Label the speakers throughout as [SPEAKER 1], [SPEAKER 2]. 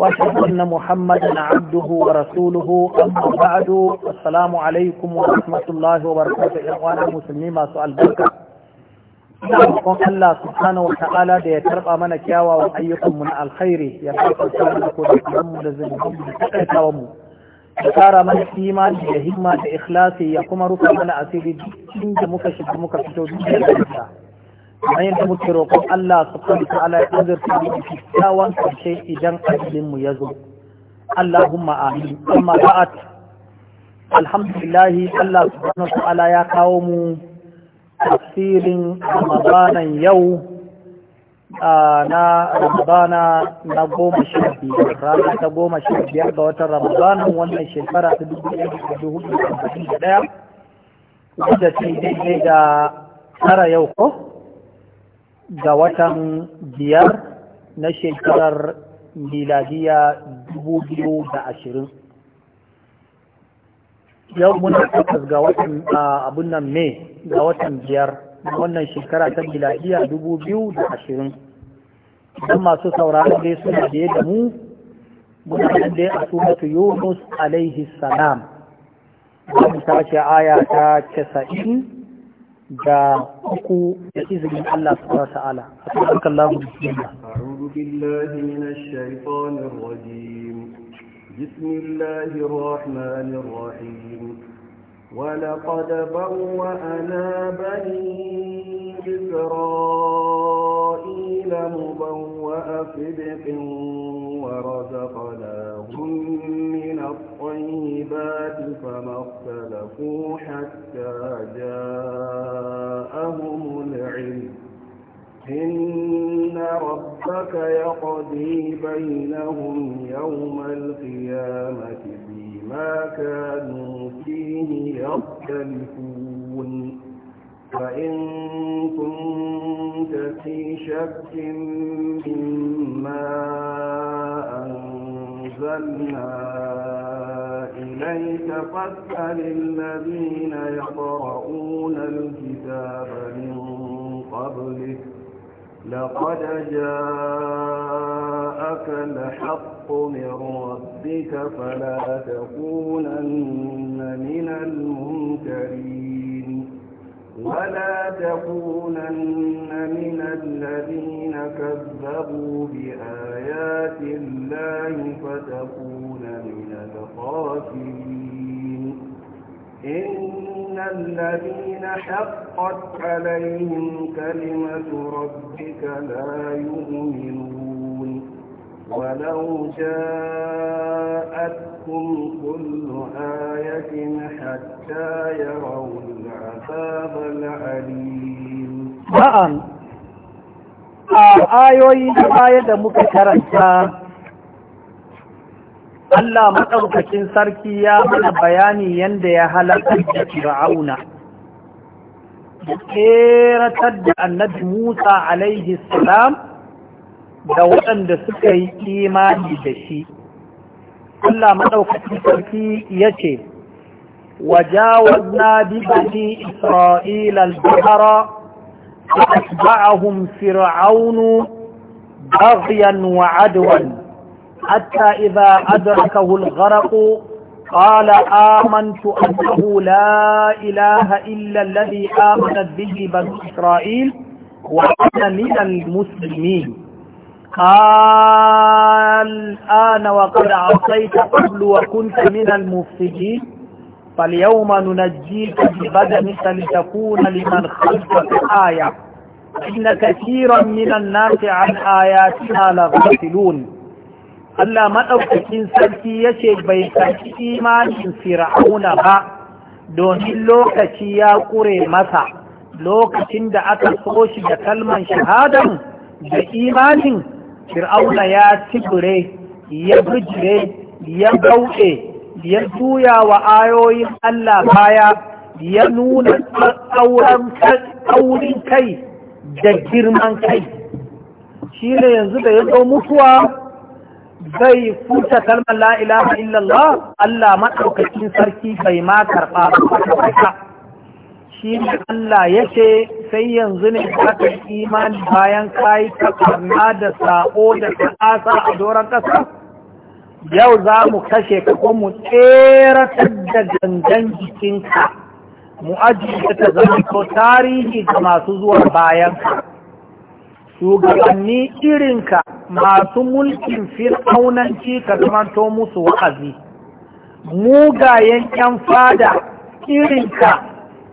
[SPEAKER 1] واشهد ان محمدا عبده ورسوله اما بعد السلام عليكم ورحمه الله وبركاته اخوان المسلمين masu albarka ina roƙon Allah subhanahu wa ta'ala da ya tarba mana kyawawan ayyukan mu na alkhairi ya kafa mana ko da kuma da zubin da takaitawa mu ya kara mana imani da da ya kuma rufa mana asiri duk muka muka fito duk bayan da muke roƙon Allah subhanahu wa ta'ala ya azurta mu kyakkyawan karshe idan ajalin mu ya zo Allahumma amin amma ba'at alhamdulillah Allah subhanahu wa ta'ala ya kawo mu tafsirin Ramadan yau na ramadana na goma sha biyar rana ta goma sha biyar ga watan Ramadan. wannan shekara ta dubu ɗaya da dubu ɗaya da ɗaya wadda ta yi daidai da tara yau ko ga watan biyar na shekarar miladiya ashirin. yau muna tabbas ga watan abun nan mai ga watan biyar wannan shekara ta miladiya ashirin. don masu sauraron dai suna biye da mu muna nan dai a sunatu yunus alaihi salam za ta tashi aya ta casa'in da uku da izinin Allah subhanahu wata'ala akwai bismillah
[SPEAKER 2] a'udhu billahi minash shaitanir rajim bismillahir rahmanir rahim ولقد بوأنا بني إسرائيل مبوأ صدق ورزقناهم من الطيبات فما اختلفوا حتى جاءهم العلم إن ربك يقضي بينهم يوم القيامة ما كانوا فيه يختلفون فإن كنت في شك مما أنزلنا إليك فاسأل الذين يقرؤون الكتاب من قبلك لقد جاءك الحق من ربك فلا تكونن من الممترين ولا تكونن من الذين كذبوا بآيات الله فتكون من الخاسرين إن الذين حقت عليهم كلمة ربك لا يؤمنون ولو جاءتكم كل آية حتى يروا العذاب العليم نعم
[SPEAKER 1] آه، آيوي آية مكترسة Allah maɗaukakin sarki ya mana bayani yadda ya halakar da fir'auna da da annabi Musa alaihi salam da waɗanda suka yi imani da shi. Allah maɗaukakin sarki ya ce, وجاوزنا ببني إسرائيل البحر فأتبعهم فرعون بغيا وعدوا حتى إذا أدركه الغرق قال آمنت أنه لا إله إلا الذي آمنت به بنو إسرائيل وأنا من المسلمين قال الآن وقد عصيت قبل وكنت من المفسدين فاليوم ننجيك ببدنك لتكون لمن خلفك آية إن كثيرا من الناس عن آياتنا لغافلون Allah maɗaukakin sarki ya ce bai sarki imanin fir'auna ba domin lokaci ya ƙure masa lokacin da aka so shi da kalman shahadan da imanin fir'auna ya tibure ya bijire ya gauɗe ya juya wa ayoyin Allah baya ya nuna tsaurin kai da girman kai shi ne yanzu da ya zo mutuwa zai furta kalmar la ilaha illallah Allah maɗaukakin sarki bai ma karɓa ba shi ne Allah ya ce sai yanzu ne aka imani bayan kayi takarna da sa'o da ta'asa a doron ƙasa yau za mu kashe ka ko mu tseratar da gangan jikinka mu ajiye ta zama tarihi ga masu zuwa bayan ka shugabanni irinka masu mulkin fir'aunanci ka zamanto musu wa'azi mugayen yan fada irinka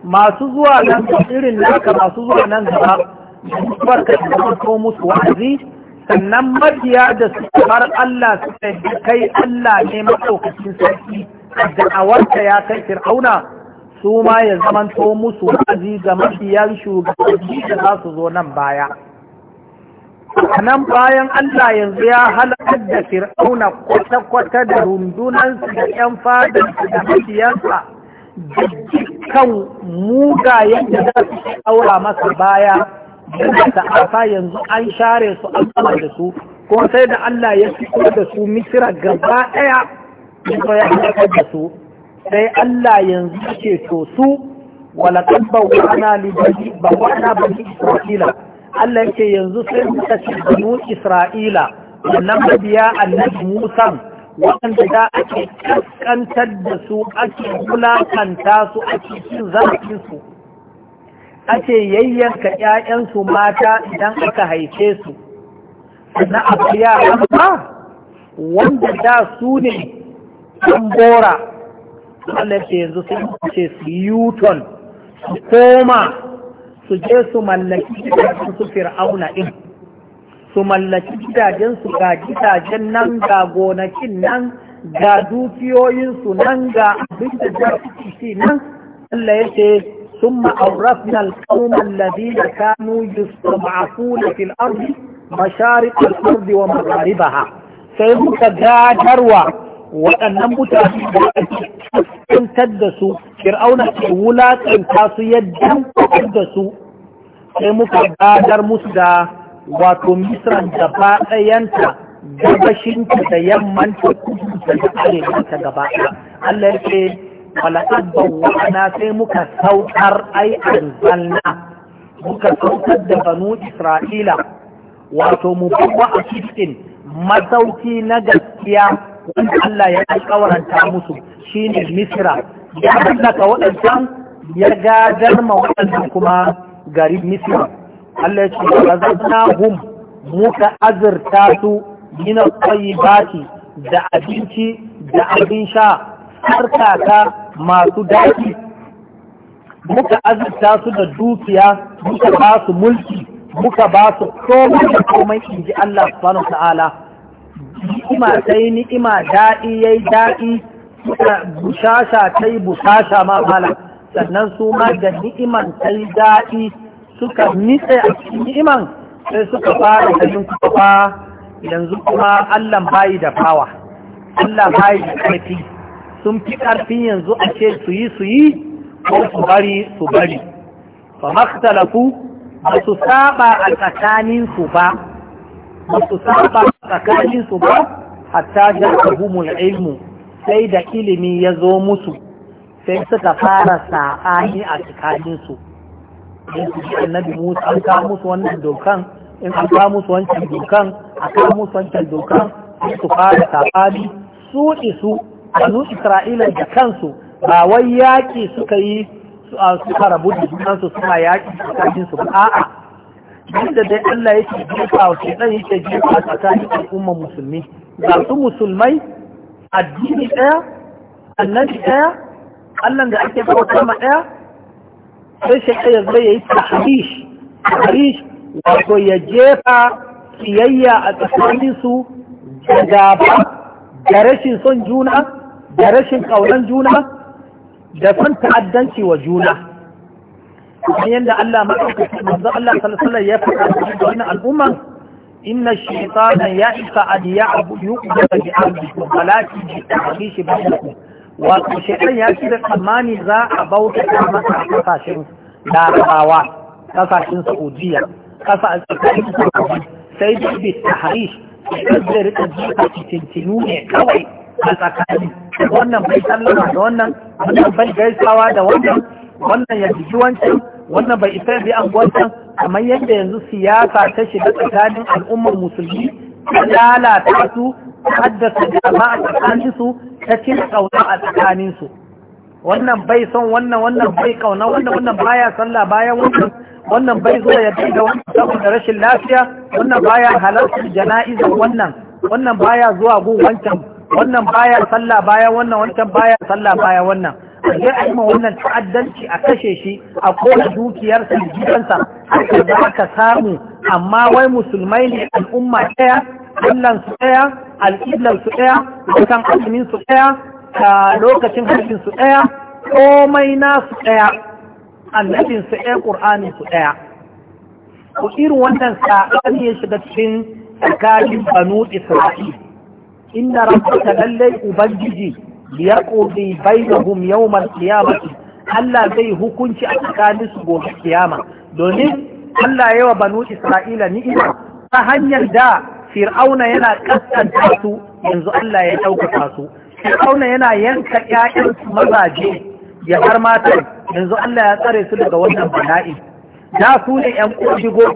[SPEAKER 1] masu zuwa nan irin naka masu zuwa nan gaba zuwar ka zamanto musu wa'azi sannan mabiya da su kamar Allah su kai Allah ne matsaukacin sarki da awarta ya kai fir'auna su ma ya zamanto musu wa'azi ga mabiyan shugabanni da za su zo nan baya. nan bayan Allah yanzu ya halakar da fir'auna kwata-kwata da rundunansu da 'yan fadar da mabiyansa da dukkan mugayen da za su aura masa baya da ta'afa yanzu an share su an sama da su kuma sai da Allah ya fito da su misira gaba ɗaya yanzu ya halakar da su sai Allah yanzu ke to su walakan ana bawana bani isra'ila Allah yake yanzu sai muka ci banu Isra'ila wannan mabiya annabi Musa wanda da ake kaskantar da su ake wulakanta su ake cin zarafin su ake yayyanka ƴaƴansu mata idan aka haife su na abiya amma wanda da su ne an bora Allah ce yanzu sai ce su yuton su koma su je su mallaki gidajen su fir'auna in su mallaki gidajen su ga gidajen nan ga gonakin nan ga dukiyoyinsu nan ga abin da za su ci nan Allah ya ce ثم أورثنا القوم الذين كانوا يستضعفون في الأرض مشارق wa ومغاربها sai muka gadarwa waɗannan mutane da ake cikin da su fir'auna ke wulaƙanta su yadda da su sai muka gadar musu da wato misran da ɗayanta gabashinta da yammanta kusurta da arewanta gaba Allah ya ce falakar bawwana sai muka saukar ai anzalna muka saukar da banu isra'ila wato mu kuma a cikin masauki na gaskiya wanda Allah ya alkawaranta musu shine Misra ya hallaka waɗancan ya gadar ma waɗancan kuma garin Misra Allah ya ce razaqnahum muka azurta su min al da abinci da abin sha harkaka masu daɗi muka azurta su da dukiya muka ba su mulki muka ba su komai da komai inji Allah subhanahu wa ta'ala ni'ima ta yi ni'ima daɗi ya yi daɗi bushasha ta yi bushasha ma bala sannan su ma da ni'iman ta yi daɗi suka nitse a cikin ni'iman sai suka fara ganin kuma yanzu kuma Allah bayi da fawa Allah bayi da ƙarfi sun fi ƙarfi yanzu a ce su yi su yi ko su bari su bari fa maktalafu ba su saba a tsakaninsu ba ba saba tsakanin su ba hatta ja'ahumul ilmu sai da ilimi ya zo musu sai suka fara sa'ani a tsakanin su in su ji annabi musu an kawo musu wannan dokan in an kawo musu wancan dokan a kawo musu wancan dokan sai su fara sa'ani su isu banu Isra'ila da kansu ba wai yaƙi suka yi su suka rabu da junansu suna yaƙi tsakanin su ba a'a wanda dai Allah yake jefa wa shedan yake jefa a tsakanin al'ummar musulmi ga su musulmai addini ɗaya annabi ɗaya Allah da ake bauta ɗaya sai shedan ya zo yayi tahrish tahrish wato ya jefa kiyayya a tsakanin su da gaba da rashin son juna da rashin ƙaunar juna da son ta'addanci wa juna kamar yadda Allah maɗaukaki manzo Allah sallallahu ya faɗa da wannan al'umma inna shaytana ya'ika an ya'budu yu'budu bi ardikum walakin bi tahrishi bainakum wa shaytan ya ci da tsammani za a bauta ta masa kasashen larabawa kasashen saudiya kasashen sai da bi tahrish da rika jika cincinu ne kawai a tsakani wannan bai sallama da wannan wannan bai gaisawa da wannan wannan ya jiki wancan wannan bai isa bi an wancan kamar yadda yanzu siyasa ta shiga tsakanin al'ummar musulmi ta lalata su haddasa jama'a tsakanin su ta cin kauna a tsakanin su wannan bai son wannan wannan bai kauna wannan wannan baya sallah bayan wannan wannan bai zuwa ya dinga wannan saboda rashin lafiya wannan baya halartar jana'iza wannan wannan baya zuwa gun wancan wannan baya sallah baya wannan wancan baya sallah baya wannan Ka je a yi ma wannan ta'addanci a kashe shi a kona dukiyarsa da gidansa haka za ka samu amma wai musulmai ne al'umma ɗaya allan su ɗaya alƙiblar su ɗaya wajen azumin su ɗaya da lokacin hajjin su ɗaya komai nasu ɗaya annabin su ɗaya ƙur'anin su ɗaya Ku irin wannan saɓani ya shiga cikin tsakanin banu isra'il inda rabbaka lallai ubangiji liyaqudi bainahum yawmal qiyamati Allah zai hukunci a tsakanin su gobe kiyama domin Allah yawa banu Isra'ila ni'ima ta hanyar da Fir'auna yana kaskanta su yanzu Allah ya ɗaukaka su Fir'auna yana yanka ƴaƴan mazaje ya har mata yanzu Allah ya tsare su daga wannan bala'i da su ne ƴan ƙudigo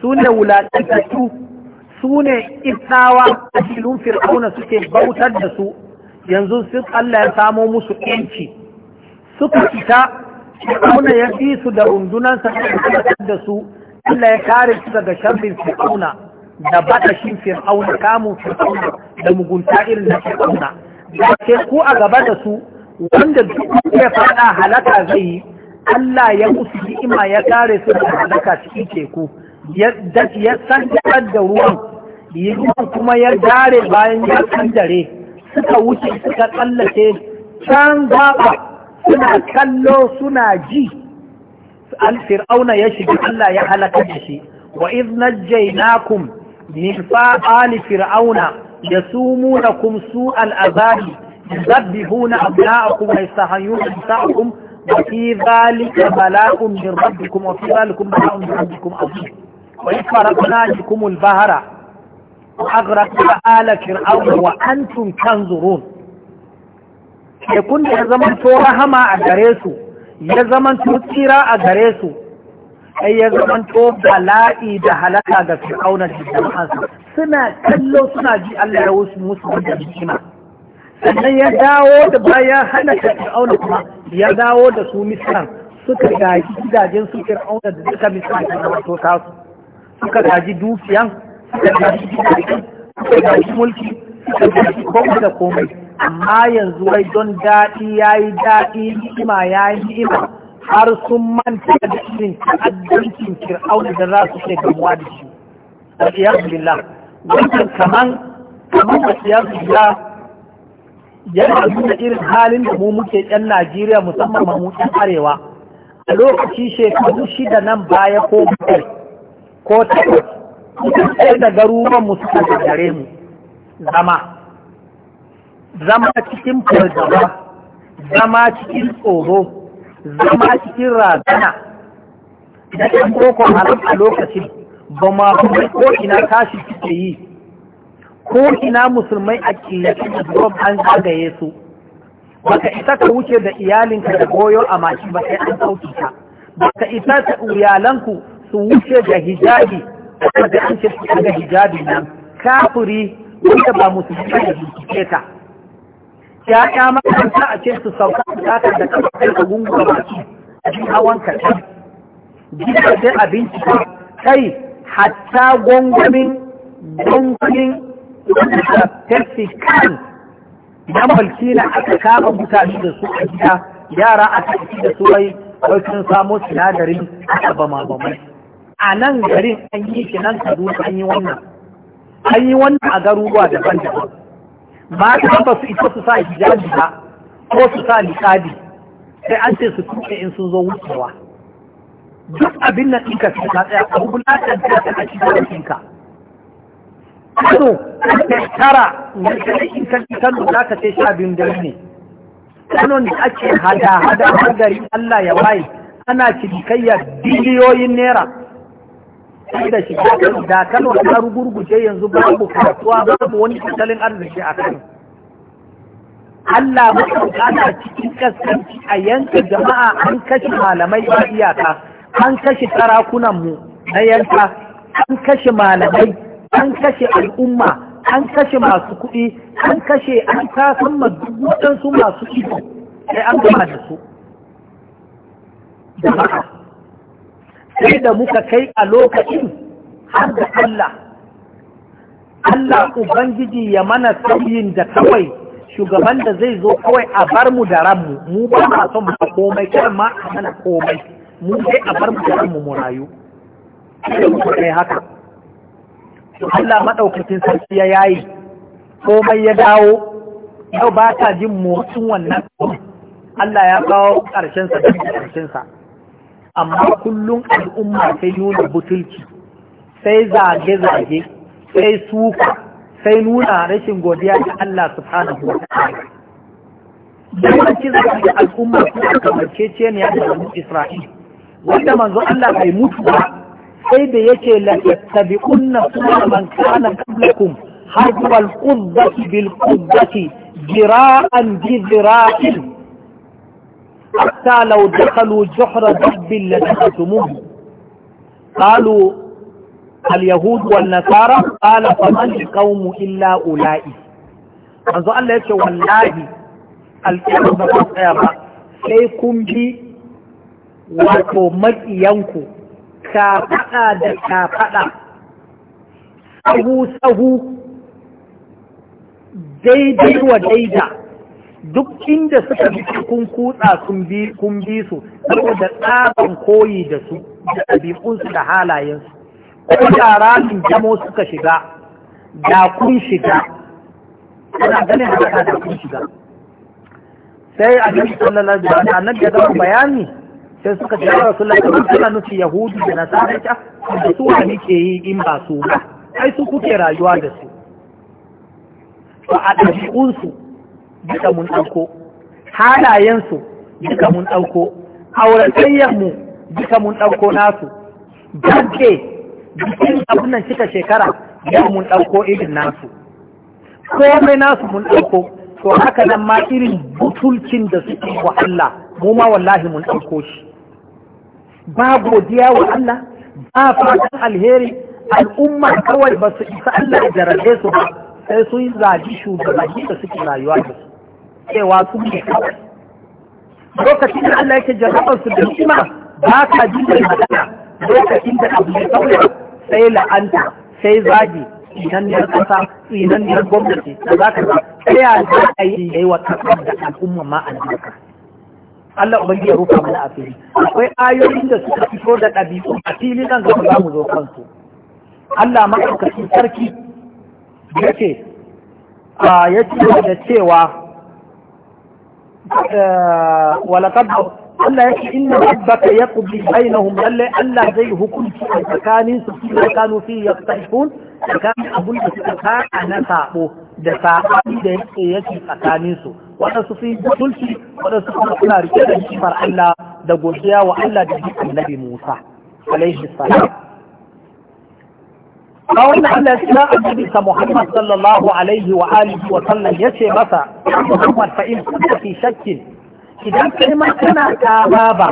[SPEAKER 1] su ne wulaƙantattu su ne isawa a filin Fir'auna suke bautar da su yanzu sun Allah ya samo musu yanci suka fita fir'auna ya fi su da rundunansa da su Allah ya kare su daga sharrin fir'auna da badashin fir'auna kamun fir'auna da mugunta irin na fir'auna da ce ku a gaba da su wanda duk ya faɗa halaka zai yi Allah ya musu ni'ima ya kare su da halaka cikin teku ya san da ruwan yi kuma ya dare bayan ya san dare suka wuce suka tsallake can suna kallo suna ji al-fir'auna ya shiga Allah ya halaka da shi wa idna jainakum min fa'ali fir'auna Ya yasumunakum su al-azabi yadhbihuna abna'akum wa yastahyuna nisa'akum wa fi dhalika bala'un min rabbikum wa fi dhalikum bala'un min rabbikum azim wa ikfarna bikum al-bahara aghraqna ala fir'auna wa antum tanzurun tekun da ya zama rahama a gare su ya zama to tsira a gare su sai ya zama to bala'i da halaka ga fir'auna da jama'ansa suna kallo suna ji Allah ya wasu musu wanda hikima sannan ya dawo da bayan hana fir'auna kuma ya dawo da su misran suka gaji gidajen su fir'auna da suka misran da zama to tasu suka gaji dukiyan suka tashi kuɗaɗe suka tashi mulki suka tashi komai da komai amma yanzu wai don daɗi ya yi daɗi ni'ima ya yi ni'ima har sun manta da irin ta'addancin fir'aun da za su kai gamuwa da shi wasiyar billah wannan kaman kaman wasiyar billah yana nuna irin halin da mu muke yan Najeriya musamman mu yan arewa a lokaci shekaru shida nan baya ko bakwai ko takwas sai da garuruwan mu suka gare mu zama zama cikin fargaba zama cikin tsoro zama cikin razana
[SPEAKER 2] da ɗan koko haram a
[SPEAKER 1] lokacin ba ma kuma ko ina tashi suke yi ko ina musulmai a kiyaki da drop an zagaye su baka isa ka wuce da iyalinka da goyo a mashi ba sai an ɗauki ka baka isa ta iyalanku su wuce da hijabi da an ce su ga hijabi nan kafuri wanda ba musulmi da bincike ta ya makaranta a ce su sauka da ta da kafin da gungun baki a cikin hawan sai a abinci kai hatta gwangwamin gwangwamin tafi kan na na aka kama mutane da su a gida yara a tafi da su wai sun samo sinadarin aka ba bamai a nan garin an yi shi nan kaduna an yi wannan an yi wannan a garuruwa daban-daban mata ba su ita su sa hijabi ba ko su sa liƙabi, sai an ce su tuke in sun zo wucewa duk abin nan ɗinka su ta tsaya a bulatan ta ta a cikin ɗinka kano tara na kai in ka kan lura ka ce sha biyun dare ne kanon da ake hada hada a gari Allah ya waye ana kayyar biliyoyin naira
[SPEAKER 2] sai da shi da Kano ta
[SPEAKER 1] rugurguje yanzu babu kasuwa babu wani tattalin arziki a Kano Allah mutunta na cikin kaskanci a yanka jama'a an kashe malamai ba iyaka an kashe mu na yanka an kashe malamai an kashe al'umma an kashe masu kuɗi an kashe an kasan masu masu ido sai an gama da su jama'a sai da muka kai a lokacin har da Allah Allah Ubangiji ya mana sauyin da kawai shugaban da zai zo kawai a bar mu da ranmu mu ba ma son mu komai kar ma a mana komai mu sai a bar mu da ranmu mu rayu haka Allah madaukakin sarki ya yayi komai ya dawo yau ba ta jin motsin wannan Allah ya kawo ƙarshen sa da ƙarshen sa amma kullum al'umma sai nuna butulci sai zage-zage sai suka sai nuna rashin godiya ga Allah subhanahu wa ta'ala yawanci zaga da al'umma suna ce ne da wani Isra'il wanda manzo Allah bai mutu ba sai da yake la yattabi'unna sunna man kana qablakum hadwa al bil jira'an bi jira'in حتى لو دخلوا جحر دب لدخلتموه قالوا اليهود والنصارى قال فمن القوم إلا أولئك manzo Allah ya ce wallahi alƙiyar ba ta tsaya ba sai kun bi wato maƙiyanku ka faɗa da ka faɗa sahu sahu daidai wa daida duk inda suka bi kun kutsa kun bi su saboda tsaban koyi da su da ɗabi'unsu da halayensu
[SPEAKER 2] ko da ramin
[SPEAKER 1] jamo suka shiga da kun shiga Suna ganin haka da kun shiga sai a jami'in sallallahu alaihi wasallam annabi ya zama bayani sai suka ce ya rasu lafiya suna nufi yahudu da nasara ta da su wani ke yi in ba su ba ai su kuke rayuwa da su to a ɗabi'unsu duka mun ɗauko halayensu duka mun ɗauko auratayyanmu duka mun ɗauko nasu dabbe bikin abunan cika shekara yau mun ɗauko irin nasu komai nasu mun ɗauko to haka nan ma irin butulcin da suke wa Allah mu ma wallahi mun ɗauko shi ba godiya wa Allah ba fatan alheri al'umma kawai ba su isa Allah da su ba sai sun zaji shugabanni da suke rayuwa da su cewa su ne kawai lokacin da Allah yake jarrabar su da hikima ba ka ji da magana lokacin da abu ya sauya sai la'anta sai zagi tsinanniyar kasa tsinanniyar gwamnati da za ka sai ya za a yi yayi wa kasar da al'umma ma albarka Allah ubangi ya rufa mana asiri akwai ayoyin da suka fito da ɗabi'u a fili nan gaba za mu zo kansu Allah ma'aikacin sarki yake a ya ce da cewa ولقد Allah yake inna rabbaka yaqdi bainahum lalle Allah zai hukunci a tsakanin su fi kanu fi yaqtahun tsakanin abun da suka fara na sabo da sabani da yake yake tsakanin su wanda su fi dulci wanda su kuma suna rike da kifar Allah da godiya wa Allah da annabi Musa alaihi salam ba wannan Allah ya kira annabi sa Muhammad sallallahu alaihi wa alihi wa sallam yace masa Muhammad fa in kunta fi shakkin idan kai ma kana tababa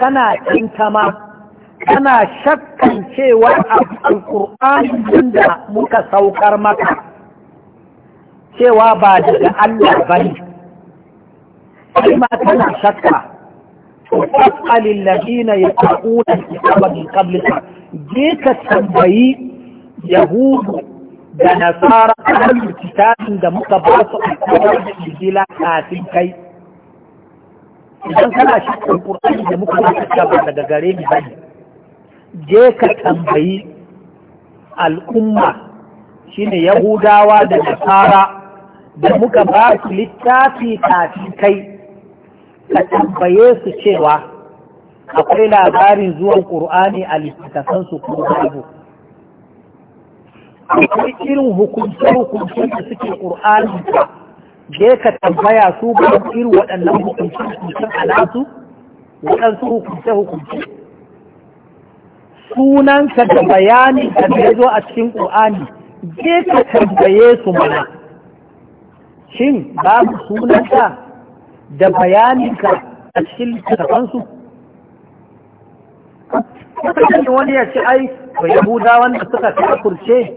[SPEAKER 1] kana tinkama kana shakkan cewa alqur'ani inda muka saukar maka cewa ba daga Allah bane kai ma kana shakka فاسأل الذين يقرؤون الكتاب من قبلك je ka tambayi yahudu da nasara ahlul kitabin da muka ba su alƙawar da injila kafin kai idan kana shakkan qur'ani da muka ba ka ba daga gare ni bane je ka tambayi al'umma shine yahudawa da nasara da muka ba su littafi kafin kai ka tambaye su cewa akwai labarin zuwan ƙur'ani a littattafan su kuma babu akwai irin hukunce-hukunce da suke ƙur'ani je ka tambaya su ba irin waɗannan hukunce-hukuncen a nasu waɗansu hukunce-hukunce sunanka da bayani da ya zo a cikin ƙur'ani je ka tambaye su mana shin babu sunanka da bayaninka a cikin littattafansu kasance wani ya ce ai ba yahuda wanda suka kafurce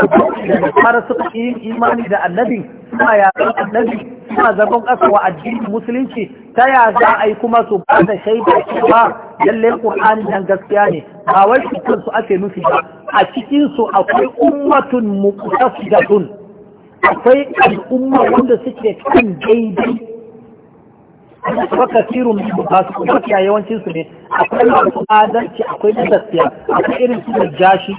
[SPEAKER 1] da Har suka yi imani da annabi suna yaran annabi suna zagon ƙasa wa addinin musulunci ta ya za a yi kuma su ba da shaida cewa lalle qur'ani dan gaskiya ne ba wai ake nufi ba a cikin su akwai ummatun muqtasidatun akwai al'umma wanda suke kan daidai ba kasirun ba su yawancin su ne akwai masu adalci akwai na gaskiya akwai irin su da jashi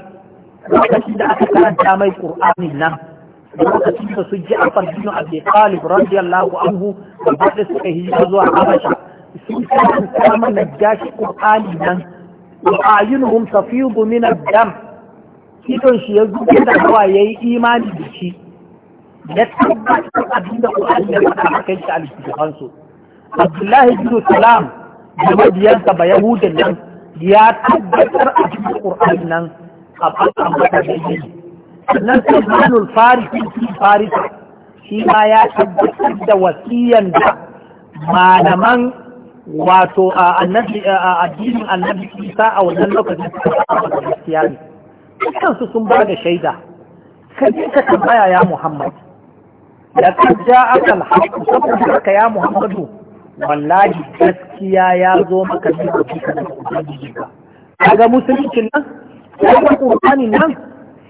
[SPEAKER 1] lokacin da aka karanta mai qur'ani nan lokacin da su ji a farjinu abi talib radiyallahu anhu da baɗe suka hijira zuwa habasha sun karanta mana jashi qur'ani nan wa ayunuhum min dam idon shi ya zuke da hawa ya yi imani da shi ya tabbatar abinda qur'ani ya faɗa kai shi a littafansu abdullahi bin salam da mabiyansa ba yahudin nan ya tabbatar a cikin ƙur'an nan a fatan mata da yi sai manul farisi fi farisa shi ma ya tabbatar da wasiyan da malaman wato a addinin annabi isa a wannan lokacin da gaskiya ne sun ba da shaida kaje ka tambaya ya muhammad da kan ja
[SPEAKER 2] akal haƙƙu
[SPEAKER 1] saboda ka ya muhammadu wallahi gaskiya ya zo maka ne ko kika da ubangiji ka kaga musuluncin nan kaga qur'ani nan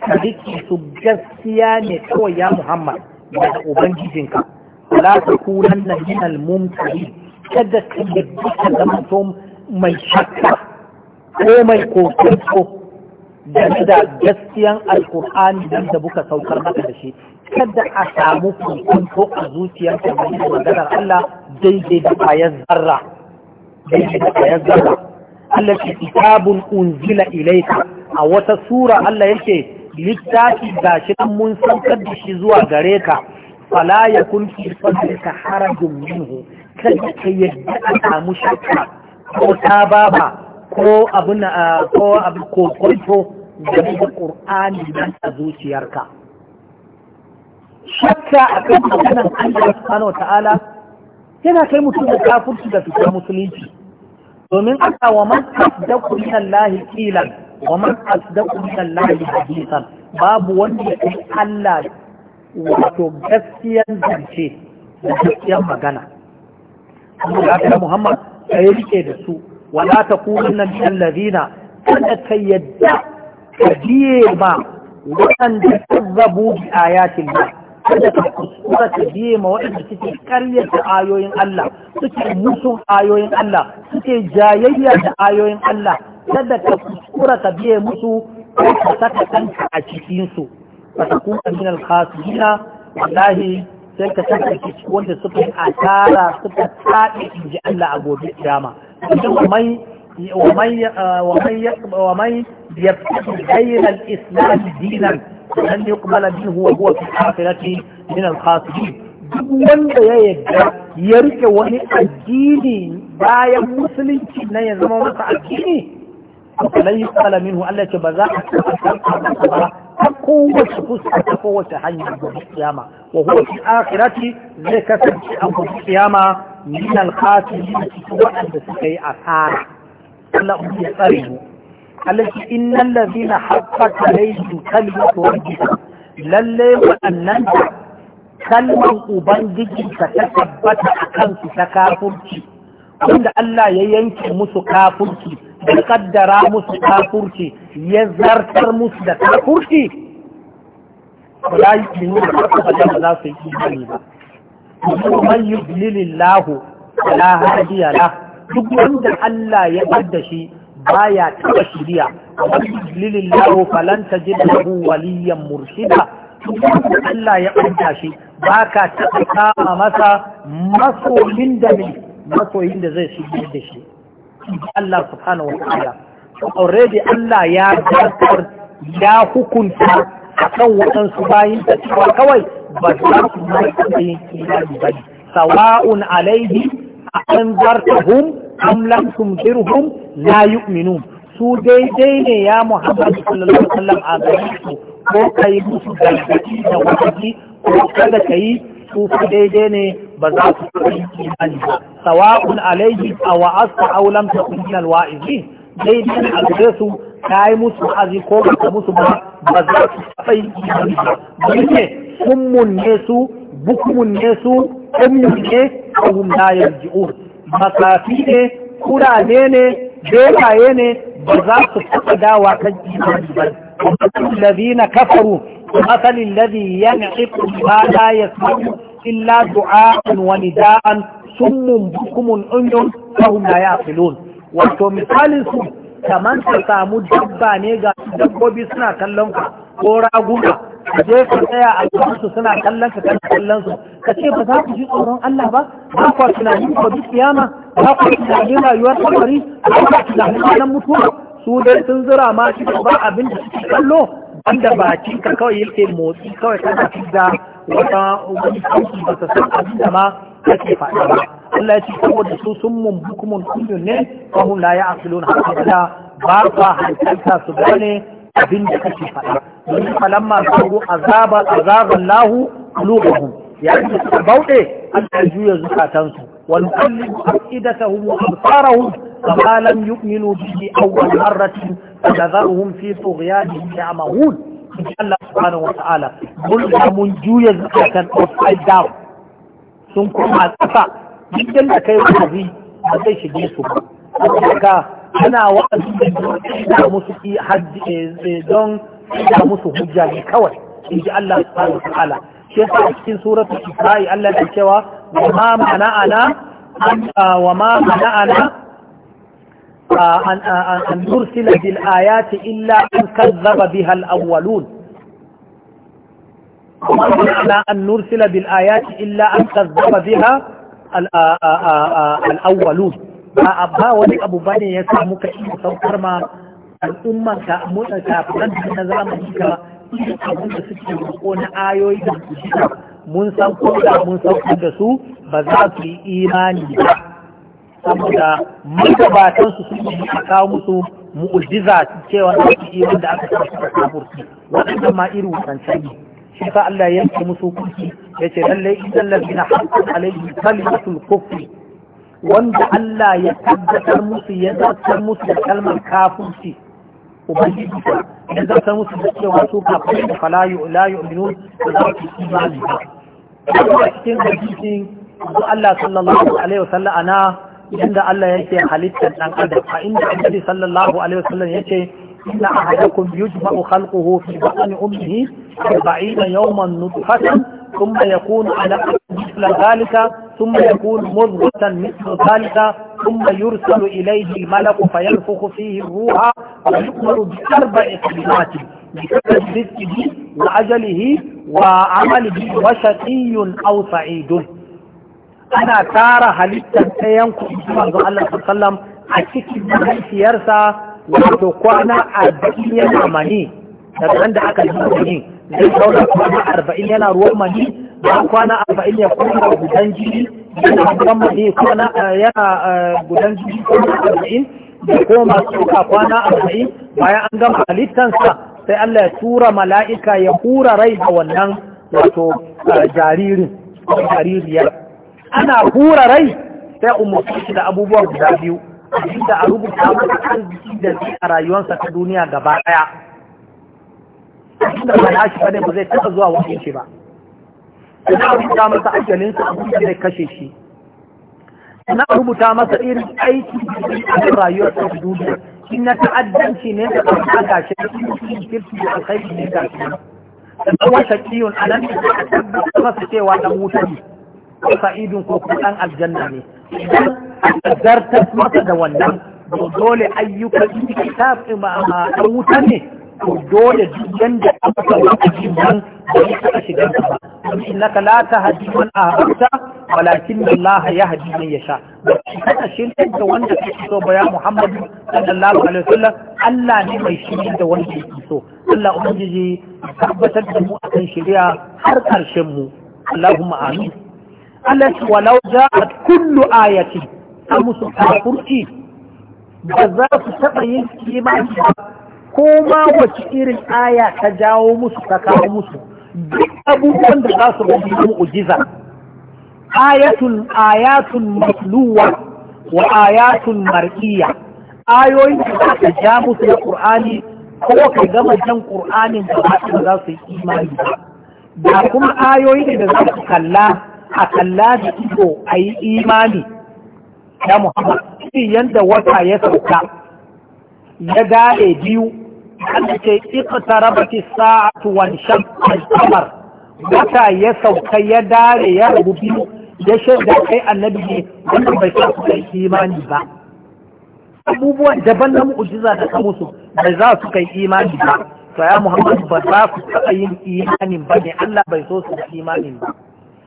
[SPEAKER 1] hadisi su gaskiya ne kawai ya muhammad daga ubangijinka la takunanna min al-mumtahin kada ka yi ka zama mai shakka ko mai kokonto game da gaskiyan alkur'ani nan da muka saukar maka da shi kada a samu kokonto a zuciyarka da maganar Allah daidai da ƙwayar zarra daidai da ƙwayar zarra Allah ke kitabun unzila ilaika a wata sura Allah yake littafi shi nan mun saukar da shi zuwa gare ka fala ya kun fi fadlika harajun minhu kada ka yadda a samu shakka ko ta baba ko abin ko abin ko kwanto game da Qur'ani nan a zuciyarka shakka akan maganar Allah subhanahu wa ta'ala yana kai mutum da kafurci da fitar musulunci domin aka wa man asdaqu min Allah wa man asdaqu min Allah hadisan babu wanda ya kai Allah wato gaskiyar zance da gaskiyar magana Allah ya Muhammad kai rike da su wala takunanna min alladhina kada ka yadda ka biye ba
[SPEAKER 2] waɗanda
[SPEAKER 1] kazzabu bi yakin ya. kada ka kuskura ka biye ma waɗanda suke da ayoyin Allah suke mutun ayoyin Allah suke jayayya da ayoyin Allah kada ka kuskura ka biye musu ka saka kanka a cikinsu ba ta kuma min alkhasirina wallahi sai ka saka cikin wanda suka yi asara suka tsaɗe inji Allah a gobe kiyama ومن mai ومن يبتغي غير islam دينا lan yuqbala bihi wa huwa fi akhirati min al-khasirin duk wanda ya yadda ya rike wani addini bayan musulunci na ya zama masa addini lan yuqbala minhu Allah ce ba za a karɓa ba ta kowace fuska ta kowace hanya gobe kiyama wa huwa fi akhirati zai kasance a gobe kiyama min al-khasirin cikin waɗanda suka yi asara Allah ya tsare mu alaki innan lazina haɓɓaka laifin kalmar wajen lalle waɗannan kalmar ubangijinka ta tabbata a kansu ta kafurci wanda Allah ya yanke musu kafurci ya kaddara musu kafurci ya zartar musu da kafurci ba za yi kinu da kafurci ba za su yi imani ba man yublilillahu la hadiya la duk wanda Allah ya bar da shi baya taba shiriya wa lilillahu Falanta tajid lahu waliyan murshida Allah ya ɓanta shi baka taɓa kama masa masoyin da masoyin da zai shigar da shi Allah subhanahu wa ta'ala so already Allah ya dakar ya hukunta kan waɗansu bayan da cewa kawai ba za su mai tsayin kirani sawa'un alaihi a an zartahum am lam tunzirhum la yu'minun su daidai ne ya Muhammad sallallahu alaihi wasallam a gare su ko kai musu gargadi da wani ko kada kai su fa daidai ne ba za su kai imani ba sawa'un alaihi aw asa aw lam takun min alwa'izi daidai ne a gare su kai musu azi ko ba musu ba ba za su kai imani ba ne kummun ne su bukmun ne su ummun ne ko hum la yarji'un matsafi ne kurane ne belaye ne ba za su taɓa dawa ta jimani ba matsalin lazi na kafaru matsalin lazi ya na'iku ba ta ya illa du'a'an wani da'an summun bukumun unyon sahun na filon wato misalin su kamar ta samu dabba ne ga dabbobi suna kallon ka ko raguna ka je ka tsaya a suna kallon ka kan kallon su ka ce ba za ku ji tsoron Allah ba ba ku tunanin ko duk kiyama ba ku tunanin rayuwar kabari ba ku tunanin ranar mutuwa su dai sun zura ma shi ba abin da suke kallo wanda bakin ka kawai yake motsi kawai kana da wata wani sauki ba ta san abin da ma kake faɗa ba Allah ya ce saboda su sun mun bukumun kullun ne fa hum la ya'qilun hakika ba ba hankalta su gane abin da kake faɗa domin falamma sabu azaba azaban lahu qulubuhum yayin da suka bauɗe Allah ya juya zukatansu Wani a wa nuqallibu afidatahum wa absarahum Malam lam yu'minu bihi awwal marratin za nadharuhum fi tughyanihim ya'mahun Allah subhanahu wa ta'ala mun da mun juya zukatan upside down sun kuma tsaka duk da kai wani a zai shige su ba ana wa'azi da musu haddi eh, eh, don da musu hujja ne kawai in ji Allah subhanahu ta'ala shi yasa a cikin suratul Isra'i Allah ya cewa wa ma ana, wa ma mana'ana أن an بالآيات إلا أن كذب بها الأولون لا أن ba a ba wani abu ba ne ya samu ka iya saukar ma al'umman ka motsa kafiran da na zamani ka iya abin da suke roƙo na ayoyi da su mun san ko da mun saukar da su ba za su yi imani ba saboda magabatan su sun yi a kawo musu mu'ujiza cewa za su yi wanda aka sa da kafurci waɗanda ma irin wancan ne shi sa Allah ya yanke musu kuki ya ce lallai idan lalbina na alaihi kalmatul kufri wanda Allah ya tabbatar musu ya zartar musu da kalmar kafirci ubangiji ya zartar musu da cewa su kafin da fala la yu'minun da za su imani ba kuma cikin hadisin da Allah sallallahu alaihi wasallam ana inda Allah yake halittar dan adam a inda Annabi sallallahu alaihi wasallam yake إن أحدكم يجمع خلقه في بطن أمه أربعين يوما نطفة ثم يكون على مثل ذلك ثم يكون مضغة مثل ذلك ثم يرسل إليه الملك فينفخ فيه الروح ويؤمر بأربع كلمات بسبب رزقه وأجله وعمله وشقي أو سعيد أنا تارى هلتا تيانكو صلى الله عليه وسلم أشكي من wato kwana arba'in yana mani daga nan da اربعين yi mani bayan kwana arba'in ya kuma gudan jini yana gudan mace kwana yana gudan kwana arba'in da koma suka kwana arba'in bayan an gama halittansa sai Allah ya tura mala'ika ya hura rai da wannan wato jaririn jaririyar ana hura rai sai umarci shi da abubuwa guda biyu da a rubuta masa arziki da zai a rayuwarsa ta duniya gaba ɗaya. Abin da ba na shi ba ne ba zai taɓa zuwa wani shi ba.
[SPEAKER 2] sannan rubuta masa
[SPEAKER 1] ajalinsa abin da zai kashe shi Na rubuta masa irin aiki a rayuwar ta duniya in na ta'addanci ne da kuma gashi da cikin kirki da alkhairi ne ga shi sannan wata kiyon a nan da tabbata masa cewa dan wuta ne ko sa'idun ko kuma dan aljanna ne idan a zartar masa da wannan dole ayyukan kitab ma dan wuta ne to dole duk yanda aka kawo ajin nan da ya taɓa shigar da ba innaka la tahdi man ahbabta walakin Allah yahdi man yasha kana shirin da wanda kake so baya Muhammad sallallahu alaihi wasallam Allah ne mai shirin da wanda yake so Allah ubangiji tabbatar da mu akan shari'a har ƙarshen mu Allahumma amin Allah walau ja'at kullu ayati a musu kafurci ba za su taɓa yin kimani ba ko ma wace irin aya ta jawo musu ka kawo musu duk abubuwan da za su rufi na mu'ujiza ayatul ayatul masluwa wa ayatun mar'iyya ayoyin da za ka ja musu na qur'ani ko ka gama jan qur'anin da ba za su yi imani ba da kuma ayoyin da za su kalla a kalla da ido a yi imani ya Muhammad shi yanda wata ya sauka ya gane biyu Allah ce iqtarabati sa'atu wa shaqqa al-qamar wata ya sauka ya dare ya rubi ya shaida kai annabi ne wannan bai sa kai imani ba abubuwan daban na mu'jiza da ta musu bai za su kai imani ba to ya Muhammad ba za su taɓa yin imanin ba ne Allah bai so su da imanin ba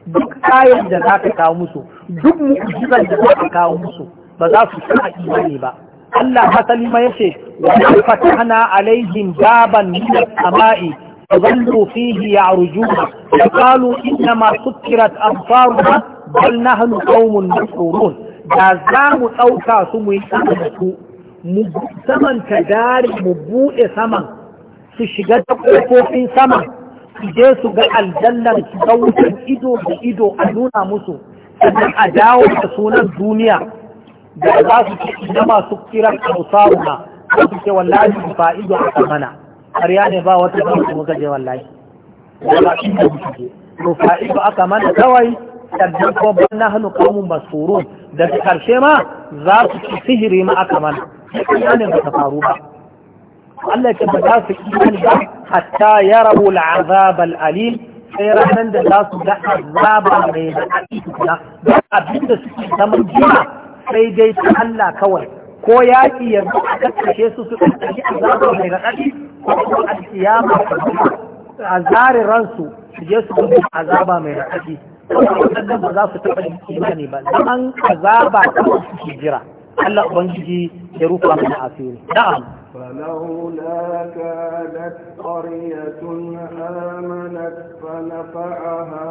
[SPEAKER 1] duk ayar da za ka kawo musu duk mu'jizar da za ka kawo musu ba za su taɓa imani ba Allah hasali ma yace wa fatahna alaihim baban min as-sama'i فظلوا فيه يعرجون فقالوا إنما سكرت أبصارنا بل نحن قوم مسحورون da za mu ɗauka su mu yi sama su mu saman ta dari mu buɗe saman su shiga ta ƙofofin saman su je su ga aljannar su ido da ido a nuna musu sannan a dawo da sunan duniya da za su ce na masu kiran kausaruna ko su ce wallahi mu fa'ido a kamana ƙarya ne ba wata ba su muka je wallahi da inda muka je to fa'ido aka mana kawai sannan ko ban na hannu kaumun masurun da su karshe ma za su ci sihiri ma aka mana ƙarya ne ba ta faru ba Allah ya ba za su imani ba hatta ya rabu al'azab al'alim sai ranar da za su ga azaba mai da aiki da abinda suke zaman jina. sai dai ta Allah kawai ko yaƙi yanzu a kakkashe su su a azabar mai raɗaɗi ko kuma alkiyama a zare ransu su je su gudu zaba mai raɗaɗi waɗannan ba za su taɓa yin imani ba zaman azaba ta su jira Allah Ubangiji ya rufa
[SPEAKER 2] mana asiri na'am فلولا كانت قرية آمنت فنفعها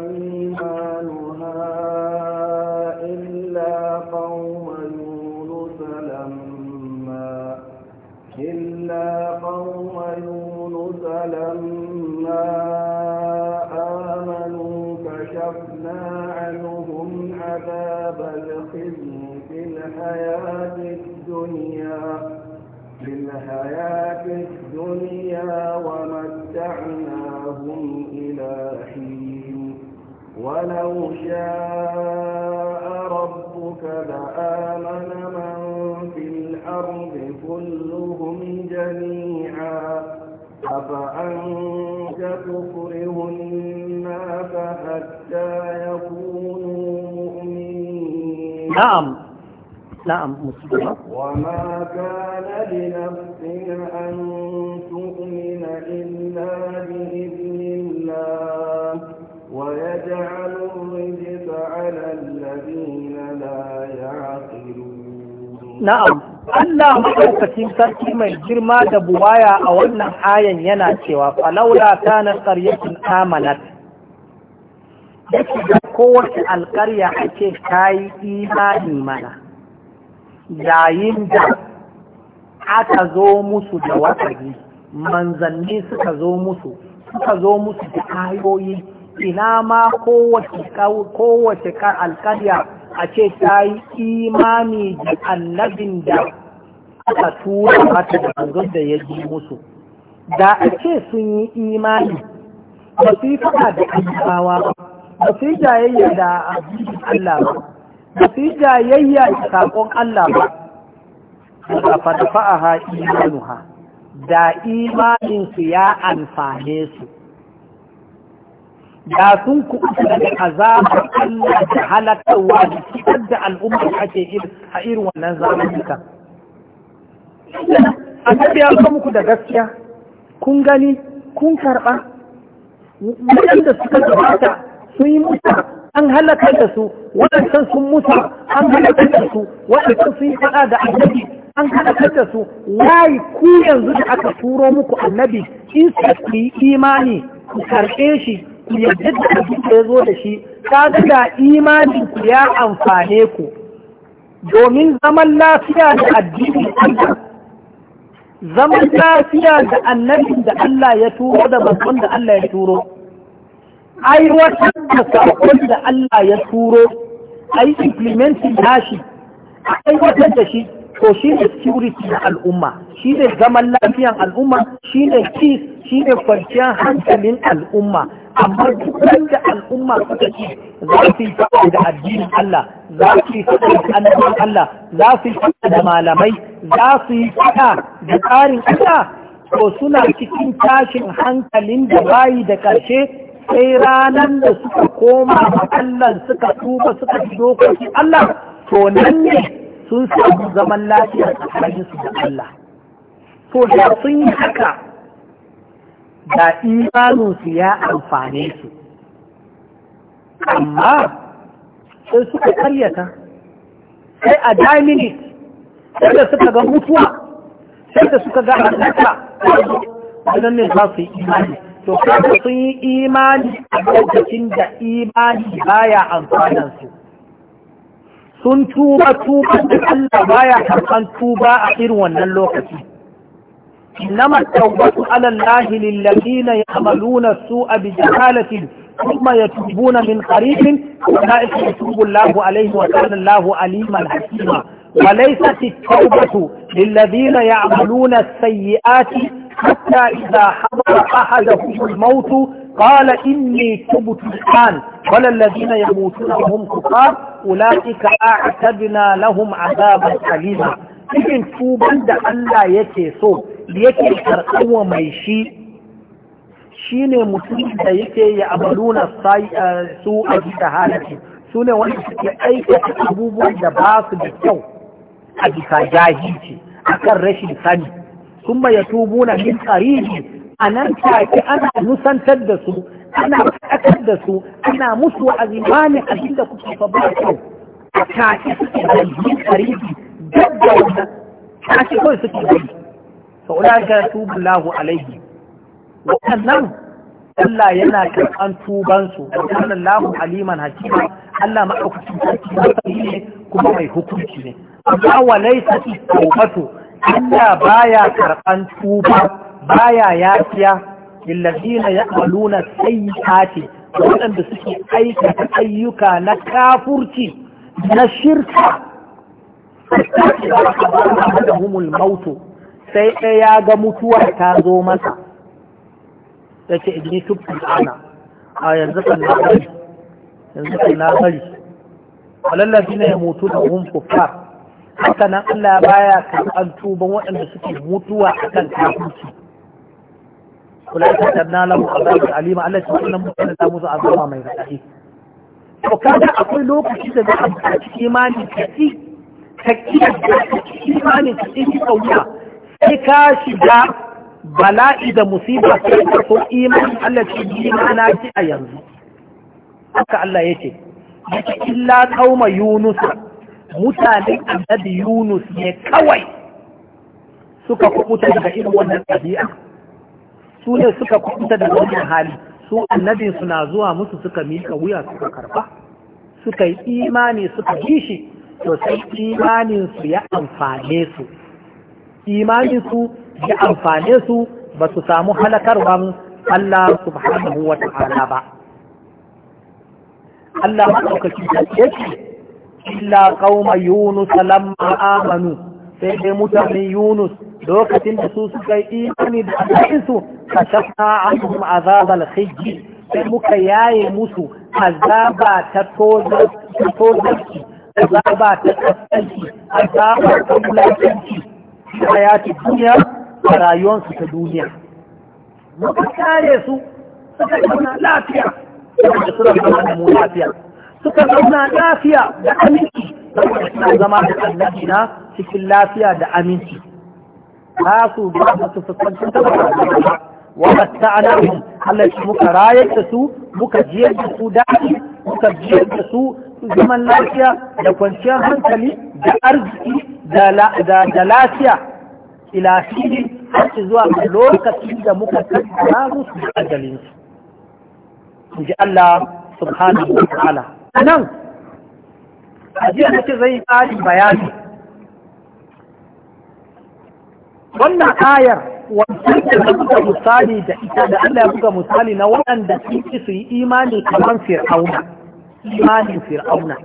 [SPEAKER 2] إيمانها إلا قوم يونس لما إلا قوم يونس لما آمنوا كشفنا عنهم عذاب الخزي في الحياة الدنيا في الحياة الدنيا ومتعناهم إلى حين ولو شاء ربك لآمن من في الأرض كلهم جميعا أفأنت تكره الناس حتى يكونوا مؤمنين نعم نعم مسلمة وما كان لنفس أن تؤمن إلا بإذن الله ويجعل
[SPEAKER 1] na'am Allah maɗaukacin sarki mai girma da buwaya a wannan ayan yana cewa falaula ta na qaryatin amanat da kowace alƙarya ake kayi imani mana yayin da aka zo musu da wasari manzanni suka zo musu suka zo musu da ayoyi ina ma kowace alƙarya a ce ta yi imani da annabin da aka tura mata da manzon da ya ji musu da a ce sun yi imani ba su yi fada da annabawa ba ba su yi jayayya da abincin Allah ba ba su yi jayayya da saƙon Allah ba da fadafa a ha imanuha da imaninsu ya amfane su da sun kuɓuta daga azabar Allah da halakarwa da cikar da al'ummar da ake a irin wannan zamanika. A tafiya ya muku da gaskiya, kun gani, kun karɓa, waɗanda suka gabata sun yi mutu an halakar da su, waɗancan sun mutu an halakar da su, waɗancan sun yi faɗa da annabi an halakar da su, wayi ku yanzu da aka turo muku annabi, in su yi imani, ku karɓe shi, ku yadda da abin da ya zo da shi kaga da imanin ku ya amfane ku domin zaman lafiya da addinin Allah zaman lafiya da annabin da Allah ya turo da manzon da Allah ya turo aiwatar da sakon da Allah ya turo a yi implementing nashi a aiwatar da shi to shi ne security na al'umma shi ne zaman lafiyan al'umma shi ne peace shi ne kwanciyar hankalin al'umma amma duk da al'umma suka ce za su yi faɗa da addinin Allah za su yi faɗa da annabin Allah za su yi faɗa da malamai za su yi faɗa da tsarin Allah to suna cikin tashin hankalin da bayi da ƙarshe sai ranar da suka koma Allah suka tuba suka fi dokoki Allah to nan ne sun samu zaman lafiya su da Allah to da sun yi haka da imaninsu ya amfane su amma sai suka karyata sai a damini sai da suka ga mutuwa sai da suka ga hannata wannan ne za su yi imani to kuma sun yi imani a lokacin da imani baya amfanan su sun tuba tuba da Allah baya karɓan tuba a irin wannan lokaci إنما التوبة على الله للذين يعملون السوء بجهالة ثم يتوبون من قريب أولئك يتوب الله عليهم وكان الله عليما حكيما وليست التوبة للذين يعملون السيئات حتى إذا حضر أحدهم الموت قال إني تبت الآن ولا الذين يموتون وهم كفار أولئك أعتدنا لهم عذابا أليما cikin tuban da Allah yake so da yake karɓarwa mai shi shi ne mutum da yake ya abaluna eh, su a bisa halaki su ne wanda suke a abubuwan da ba su da kyau a bisa jahilci a kan rashin sani sun ya tubu na min tsarihi a nan take ana nusantar da su ana faɗakar da su ana musu azimani abin da kuka fa ba kyau a take suke da min tsariji dabba wannan take kawai suke da fa ulaika yatubu Allahu alaihi waɗannan Allah yana karɓan tubansu wannan Allahu aliman hakima Allah madaukakin sarki ne kuma mai hukunci ne amma walaita tawbatu Allah baya karɓan tuba baya yafiya lillazina ya'maluna sayyi'ati waɗanda suke aikata ayyuka na kafurci na shirka da humul mautu sai ɗaya ya ga mutuwar ta zo masa ta ce idini tubtu ana a yanzu kan na yanzu kan na walallafi na ya mutu da hun kuffar haka nan Allah baya karɓar tuban waɗanda suke mutuwa a kan kafinci kula ta lamu a azabul alima Allah ta wannan mutane ta musu zama mai radadi to kada akwai lokaci da za a buƙaci imani ka ci ka ki imani ka ci kauya sai ka shiga bala'i da musibar sai ka so imanin Allah ce mana ki a yanzu haka Allah yake yake illa kauma yunus mutanen annabi yunus ne kawai suka kubuta daga irin wannan ɗabi'a su ne suka kubuta daga wannan hali su annabin suna zuwa musu suka miƙa wuya suka karɓa suka yi imani suka yi shi to sai imanin su ya amfane su imanin su da amfane su ba su samu halakarwan Allah subhanahu wa ta'ala ba Allah maɗaukaki da yake illa kauma yunus lamma amanu sai dai mutanen yunus lokacin da su suka yi imani da su ka shafa kashafna a azabal khiji sai muka yaye musu azaba ta tozarki azaba ta tsakanki azaba ta mulakanci fi hayati duniya a rayuwarsu ta duniya muka kare su suka zauna lafiya saboda suna zama da mu lafiya suka zauna lafiya da aminci saboda suna zama da annabi na cikin lafiya da aminci ba su ba su fuskantar tabbata
[SPEAKER 2] wa ta'ala
[SPEAKER 1] Allah shi muka rayar da su muka jiyar da su daɗi muka jiyar da su zaman lafiya da kwanciyar hankali da arziki da lafiya ila har su zuwa ga lokacin da muka tattara musu da ajalinsu in ji Allah subhanahu wa ta'ala nan a jiya ce zai tsari bayani wannan ayar wancan da buga misali da ita da Allah ya buga misali na waɗanda suke su yi imani kamar fir'auna imanin fir'auna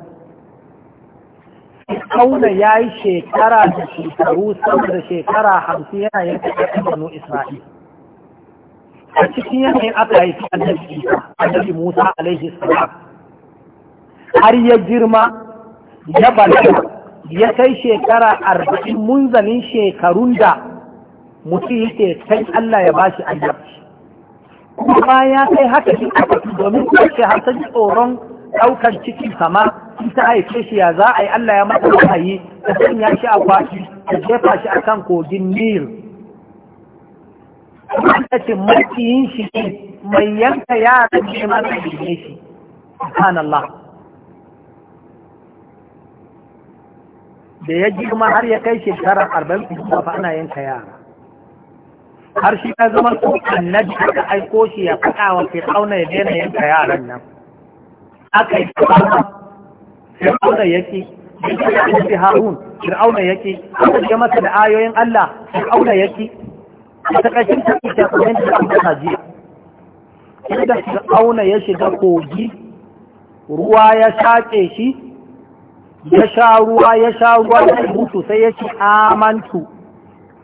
[SPEAKER 1] kauna ya yi shekara da shekaru sama da shekara hamsin yana yanka ƙarfin banu isra'il a cikin yanayin aka haifi annabi a annabi musa alaihi salam har ya girma ya balaga ya kai shekara arba'in munzalin shekarun da mutum yake kai allah ya bashi annabci kuma ya kai haka shi a domin kwace har tsoron ɗaukar cikin sama ita haife shi ya za a yi Allah ya mata wahayi ta sanya shi a kwashi ta jefa shi a kan kogin nil ta ce makiyin shi ne, mai yanka yaran shi mata gine shi subhanallah da ya girma har ya kai shekara arba'in kuma fa ana yanka yara har shi ya zama su annabi aka aiko shi ya faɗa wa fir'auna ya daina yanka yaran nan aka yi fir'auna yake yake harun fir'auna yake aka ga masa da ayoyin Allah fir'auna yake ta kashin ta ita kuma da aka ji inda fir'auna ya shiga kogi ruwa ya shaƙe shi ya sha ruwa ya sha ruwa ya mutu sai ya ce amantu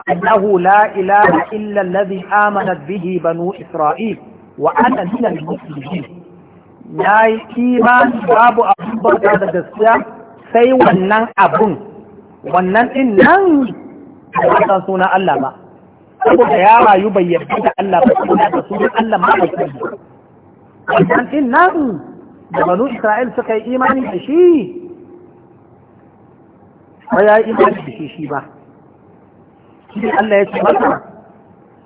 [SPEAKER 1] annahu la ilaha illa alladhi amanat bihi banu isra'il wa ana min al-muslimin na yi imani babu abin bauta da gaskiya sai wannan abun wannan ɗin nan ba san Allah ba saboda ya rayu bai yarda da Allah ba suna da sunan Allah ma ba su wannan ɗin nan da banu Isra'il suka yi imani da shi ba ya yi imani da shi shi ba shi Allah ya ce masa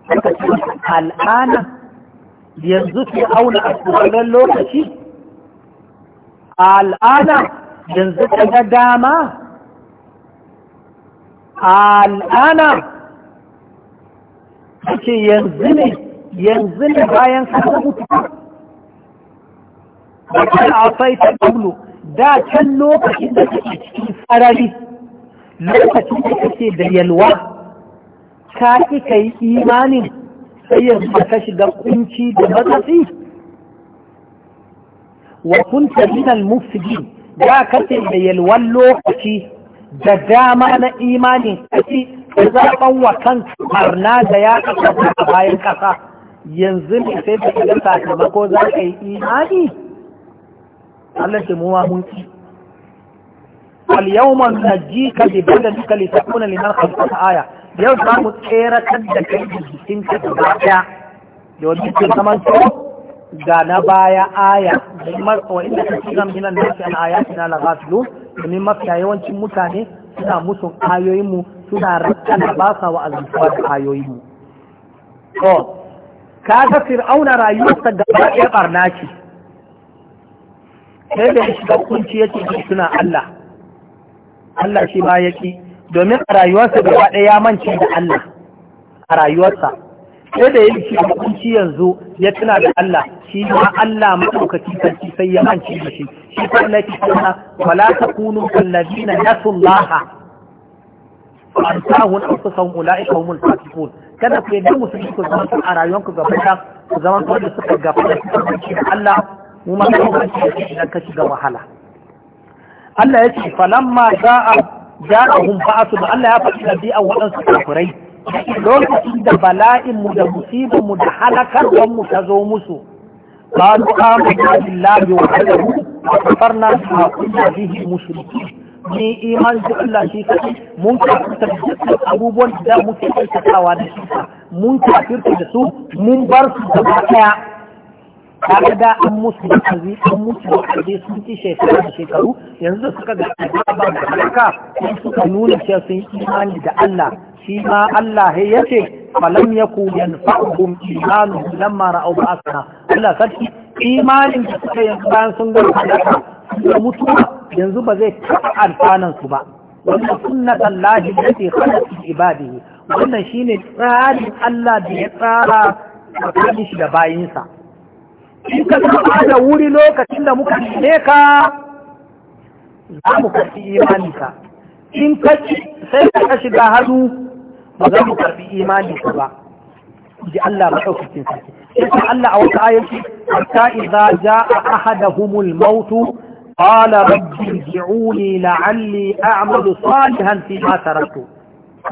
[SPEAKER 1] suka ce al'ana yanzu fi auna a tsoron lokaci a al'ada yanzu ta ga dama a al'ada ce yanzu ne yanzu ne bayan kasar mutu da kan asai ta ƙablu da can lokacin da ke cikin sarari lokacin da ke da yalwa ka ƙi ka yi imanin sai yanzu da ka shiga kunci da matsatsi wa kunta min al-mufsidin da ka ce da yalwan lokaci da dama na imanin kaci ka zaɓan wa kanka barna da ya kasa a bayan kasa yanzu ne sai da kaga sakamako za ka yi imani Allah ce mu ma mun ki al yawma najjika bi badanka li takuna liman khalaqaka aya yau za mu tseratar da kai da ka da baya domin ke zaman to ga na baya aya domin wa inda ka ci zan minan nashi an aya suna lagafilu domin mafiya yawancin mutane suna musu ayoyinmu suna rakkana ba sa wa azuwa da ayoyinmu to ka ga fir'auna rayuwarsa gaba ɗaya barna ce sai da ya shiga kunci yake suna Allah Allah shi ba ya ki domin a rayuwarsa gaba ɗaya ya manci da Allah a rayuwarsa sai da yake hukunci yanzu ya tuna da Allah shi ma Allah madaukaki sarki sai ya manci da shi shi ko na ki kuma wala takunu kal ladina nasullaha fa ansahu anfusahum ulaika humul fasiqun kada ku yadda musulmi ku zama a rayuwarku gaba ɗaya ku zama su da suka gaba da Allah mu ma kuma kashi da wahala Allah ya ce falamma za'a ja'ahum ba'su ba Allah ya faɗi dabi'an waɗansu kafirai lokacin da bala'in mu da musibin mu da halakarwan mu ta zo musu Ba kama da قالوا آمنا بالله وحده وكفرنا بما كنا به مشركين ni iman da Allah shi kaɗai mun kafirta da abubuwan da muke aikatawa da shi mun kafirta da su mun bar su gaba ɗaya kaga da an musu kazi an musu kazi sun ci shekaru da shekaru yanzu da suka ga ba da haka sun suka nuna cewa sun yi imani da Allah shi ma Allah ya yace falam yaku yanfa'uhum imanuhum lamma ra'aw ba'athna Allah sarki imanin da suka yanzu bayan sun ga halaka da mutuwa yanzu ba zai taɓa alfanan su ba wannan sunnat Allah da ke khalaqi ibadihi wannan shine tsarin Allah da ya tsara kan shi da bayinsa in ka zama da wuri lokacin da muka ne ka za mu karbi imaninka in ka sai ka shiga hannu ba za mu karbi imaninka ba ji Allah maɗaukakin sarki sai Allah a wata ayyaci hatta idza jaa ahaduhumul mautu قال رب ارجعوني لعلي أعمل صالحا فيما تركت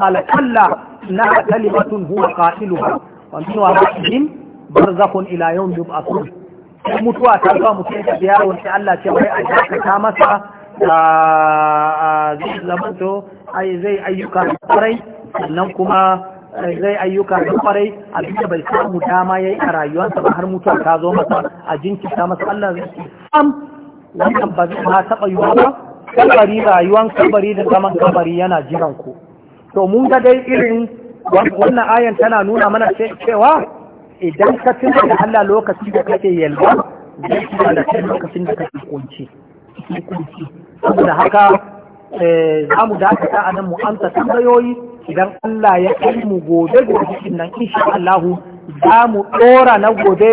[SPEAKER 1] قال كلا إنها كلمة هو قائلها ومن ورائهم برزخ إلى يوم يبعثون sai mutuwa ta zuwa mutum ta biya yaro ne Allah ce wai a dakata masa zai zamanto zai ayyuka da kwarai sannan kuma zai ayyuka da kwarai a abinda bai samu dama ya yi a rayuwarsa ba har mutuwa ta zo masa a jinkita masa Allah zai ce am wannan ba zai ma taɓa yiwa ba kabari rayuwan kabari da zaman kabari yana jiran ku to mun ga dai irin wannan ayan tana nuna mana cewa idan ka tuna da Allah lokacin da kake yalwa zai tuna da kai lokacin da kake kunci saboda haka eh, za mu dakata a nan mu amsa tambayoyi idan Allah ya kai mu gobe gobe nan insha Allah za mu dora na gobe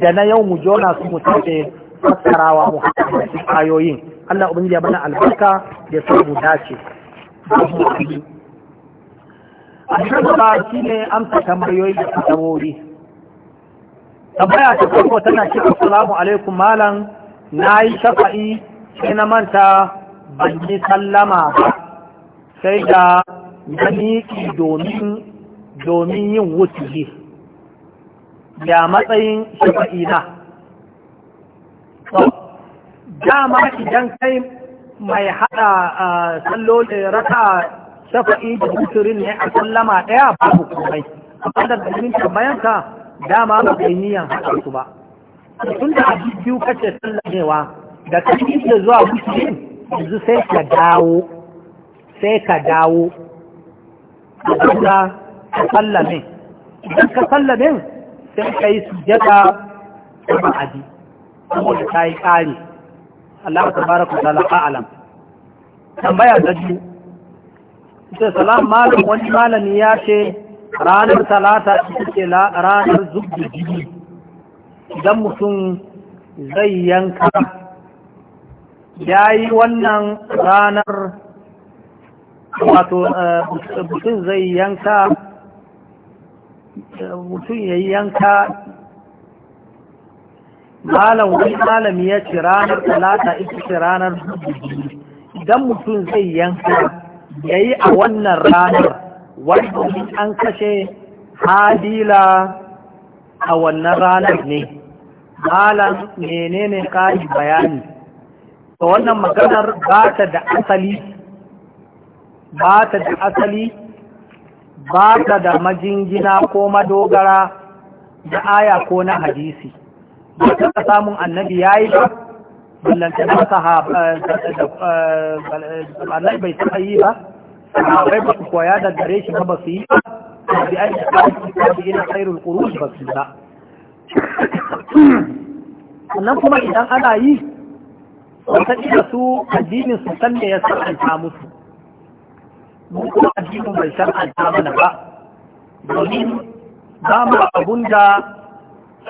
[SPEAKER 1] da na yau mu jona su mu tace fassarawa mu haɗa ayoyin Allah ubangiji ya bana albarka da su mu dace a shi ne amsa tambayoyi da fasahohi tambaya ta farko tana ce assalamu alaikum malam na yi shafa'i sai na manta ban sallama sai da na domin yin wuce ya matsayin shafa'i na dama idan kai mai hada sallolin raka shafa'i da wuturin ne a sallama ɗaya babu komai a da dalilin tambayanka dama ba kai niyan haɗa su ba tun da a biyu kace sallamewa da kafin da zuwa wucin yanzu sai ka dawo sai ka dawo ka sallame idan ka sallame sai ka yi sujjata da ma'adi saboda ta yi ƙari Allah ta baraka ta lafa alam tambaya da biyu ita salam malam wani malami ya ce ranar talata ita ce ranar zubda jini idan mutum zai yanka ya yi wannan ranar wato eh, mutum zai yanka mutum ya yi yanka malam wani malam ya ce ranar talata ita ce ranar zubda jini idan mutum zai yanka ya yi a wannan ranar wani domin an kashe hadila a wannan ranar ne malam menene kayi bayani to wannan maganar ba ta da asali ba ta da asali ba ta da majingina ko madogara da aya ko na hadisi ba ta samun annabi yi ba ballanta na sahaba eh, da eh, eh, bai taɓa yi ba sahabbai ba su koya da gare shi ba su yi bi an shi ba su ina khairul qurun ba su ba sannan kuma idan ana yi wata ila su addinin su san da ya sa'anta musu mu kuma addinin bai shar'anta mana ba domin ba mu abun da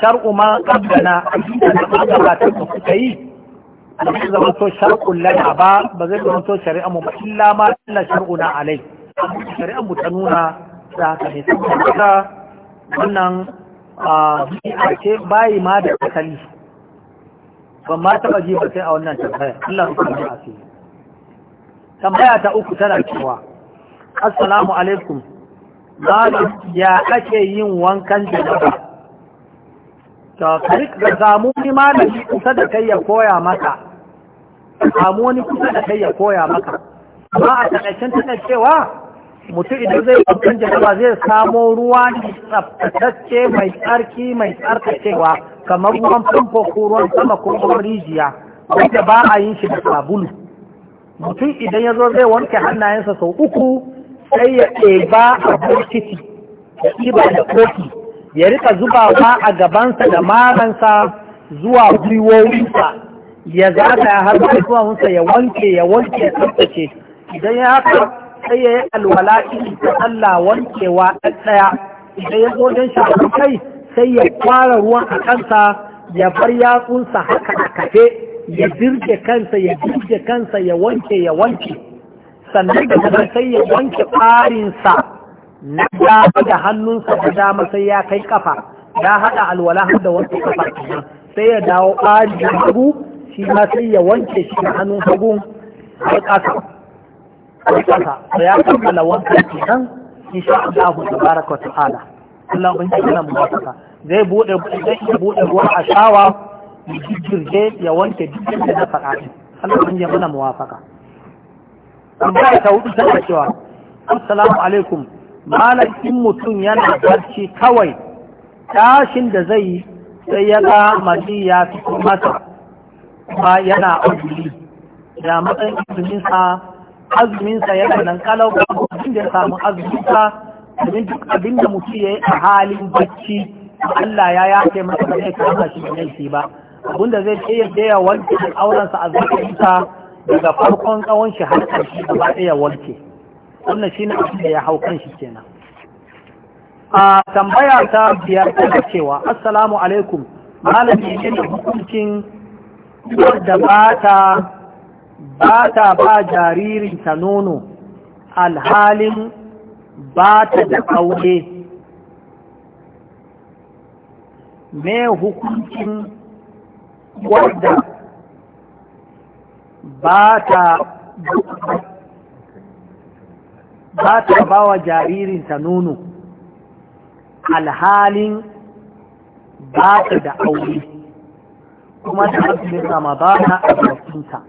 [SPEAKER 1] shar'u ma kaddana addinin da ba ta suka yi ba zai zama to shar'un lana ba ba zai zama to shari'a mu ba illa ma illa shar'una alai shari'a mu ta nuna da haka ne saboda wannan a ce bayi ma da asali ban ma taɓa ji ba sai a wannan tambaya Allah ya kuma asiri tambaya ta uku tana cewa assalamu alaikum malam ya ake yin wankan janaba ta karik da samu malami kusa da kai ya koya maka samu wani kusa da kai ya koya maka ba a takaicin tana cewa mutum idan zai babban jama'a zai samo ruwa ne tsaftatacce mai tsarki mai cewa kamar ruwan famfo ko ruwan sama ko ruwan rijiya wanda ba a yin shi da sabulu mutum idan ya zo zai wanke hannayensa sau uku sai ya ɗeba a bokiti ya ɗiba da kofi ya rika ba a gabansa da maransa zuwa gwiwowinsa ya zata ya har da zuwansa ya wanke ya wanke ya tsaftace idan ya haka sai ya yi alwala ta Allah wankewa ɗaya idan ya zo don shafi kai sai ya kwara ruwan a kansa ya bar yatsunsa haka a kafe ya dirje kansa ya dirje kansa ya wanke ya wanke sannan da sai ya wanke ɓarinsa na ya da hannunsa da dama sai ya kai kafa ya haɗa alwala da wasu kafa sai ya dawo ɓari da hagu shi ma sai ya wanke shi da hannun hagu har ƙasa
[SPEAKER 2] har ƙasa sai
[SPEAKER 1] ya kammala wanka kenan sha Allah tabaraka wa ta'ala Allah ubangiji yana mutaka zai bude zai iya bude ruwa a shawa ya jirje ya wanke dukkan da na faɗa din Allah ubangiji yana muwafaka amma ta hudu tana cewa assalamu alaikum in mutum yana barci kawai tashin da zai yi sai ya ga mali ya fito masa ba yana azumi da matsayin azuminsa azuminsa yana nan kalau ba abin da samu azuminsa domin duk abin da mutum ya yi a halin barci Allah ya ce masa ba zai kama shi laifi ba abinda zai iya ya wanke aurensa a zakarinsa daga farkon tsawon shi har ƙarshe gaba ɗaya wanke. wannan shi na abin da ya hau kan shi kenan a tambaya ta biyar da cewa assalamu alaikum malami ne da hukuncin da ba ta ba ta nono alhalin ba ta da aure me hukuncin wanda ba ta ba ta ba wa jaririnta nono alhalin ba ta da aure kuma ta ba ta a bakinta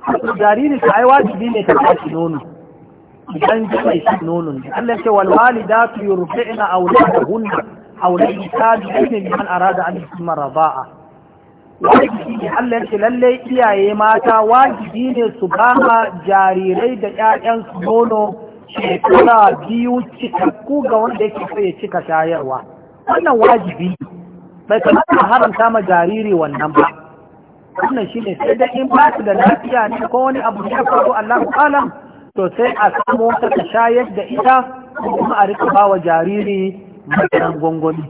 [SPEAKER 1] hasu jaririnta ai wajibi ne ta tashi nono idan ji mai shi nonon da Allah ce wal walidatu yurfi'na aulada hunna auladi tabi'in liman arada an yusma raba'a
[SPEAKER 2] wajibi
[SPEAKER 1] Allah ce lalle iyaye mata wajibi ne su ba jarirai da ƴaƴansu nono shekara biyu cikakku ga wanda yake so ya cika shayarwa wannan wajibi bai kamata haramta ma jariri wannan ba wannan shine sai da in ba su da lafiya ne ko wani abu ya Allah Allahu alam to sai a samu wata ta shayar da ita kuma a rika ba wa jariri madaran gwangwani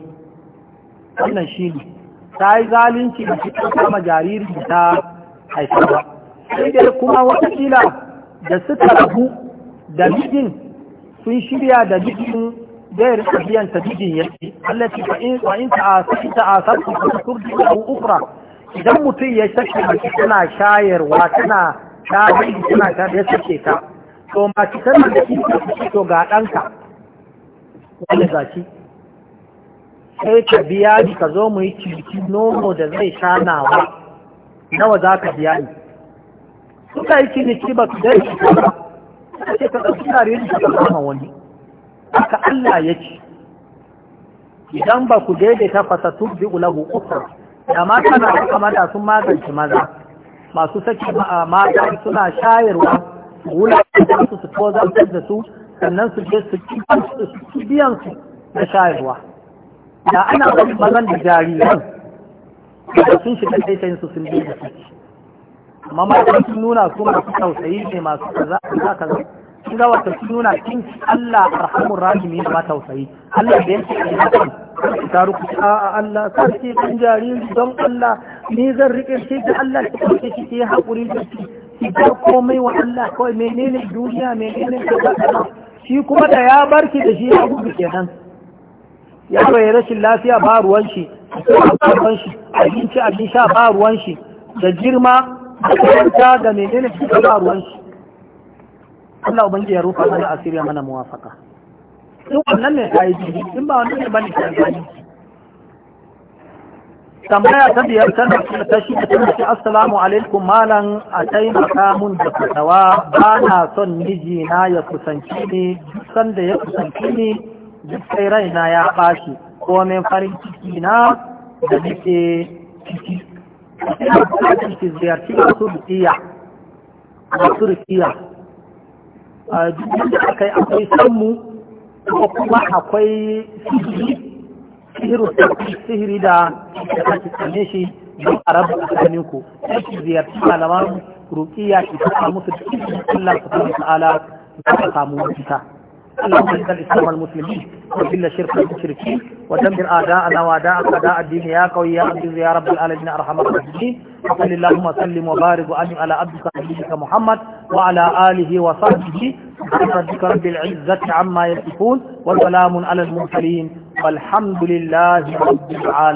[SPEAKER 1] wannan shine ta yi zalunci da shi ta kama jariri ta haifa ba sai dai kuma watakila da suka rabu da mijin sun shirya da mijin zai rika biyan ta mijin ya ce Allah ce fa in fa in ta asar ku ta da ukra idan mutum ya sake mace tana shayarwa tana shayarwa tana ta ya sake ta to mace tana da ita to ga ɗanka wanda sai ka biya ni ka zo mu yi ciniki nono da zai sha nawa nawa za ka biya ni suka yi ciniki ba su dai shi ba sai ka ɗauki tare ni ka kama wani aka Allah ya ce idan ba ku daidaita tun bi ulahu ukra da mata na haka mata sun magance maza masu saki mata suna shayarwa wulatar su su tozartar da su sannan su je su biyan su na shayarwa
[SPEAKER 2] da ana wani mazan da jariran
[SPEAKER 1] da sun shiga taitayin su sun biyu da suke amma matan sun nuna su masu tausayi ne masu kaza kaza kaza sun ga wata sun nuna kin Allah arhamur rahimi ba tausayi Allah da yake yi hakan ta ruku a Allah sarki kun jariri don Allah ni zan rike shi da Allah ki kauce shi ke hakuri da shi ki ga komai wa Allah kawai menene duniya menene kaza shi kuma da ya barki da shi ya gudu kenan yaro ya rashin lafiya ba ruwan shi abinci abin sha ba ruwan shi da girma da kwanta da menene shi ba ruwan shi Allah ubangi ya rufa mana asiri mana muwafaka in wannan ne kai ji in ba wannan ne bane kai bane tambaya ta biyar ta ta shi ta shi assalamu alaikum malam a kai makamun da fatawa ba na son mijina na ya kusanci ni sanda ya kusanci ni duk sai raina ya ko komin farin ciki na da nake ciki ina bukatar ki ziyarci a turkiya a turkiya a jikin da akai akwai sammu ko kuma akwai sihiri sihiru sihiri da ake same shi don a rabu a tsakaninku sai ki ziyarci malaman rukiya ki fara musu da izinin Allah subhanahu wa ta'ala ka samu wata اللهم اجعل الاسلام المسلمين وذل الشرك المشركين ودمر اعداءنا واعداءك اعداء الدين يا قوي يا عزيز يا رب العالمين ارحم الراحمين وصل اللهم وسلم وبارك وانعم على عبدك نبيك محمد وعلى اله وصحبه سبحان ربك رب العزه عما يصفون وسلام على المرسلين والحمد لله رب العالمين